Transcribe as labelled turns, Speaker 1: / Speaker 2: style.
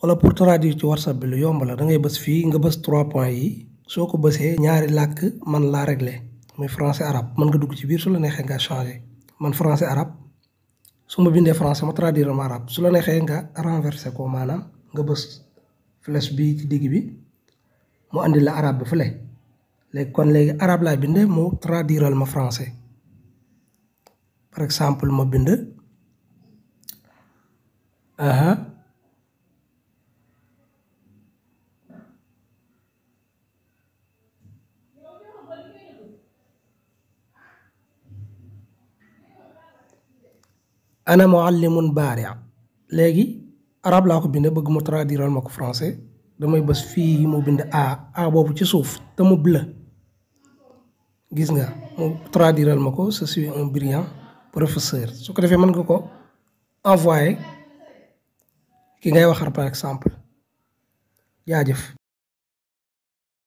Speaker 1: wala pour traduire ci whatsapp bi lu yomb la da ngay bës fii nga bës trois points yi soo ko bësee ñaari làkk man laa réglé muy français arab mën nga dugg ci biir su la neexee nga changé man français arab su ma bindee français ma traduire ma arabe su la neexee nga renversé ko maanaam nga bës flèche bi ci digg bi mu andi la arabe bi léegi kon léegi arab laa binde mu traduiral ma francais par exemple ma bind uh-huh. ana muallimun baari léegi arab laa ko bindee bëgg mu traduiral ma ko français damay bës fii moo bind a a boobu ci suuf te mu gis nga mu traduiral ma ko je suis un brillant professeur su ko defee mën nga ko envoyé ki
Speaker 2: ngay waxar par exemple jaajëf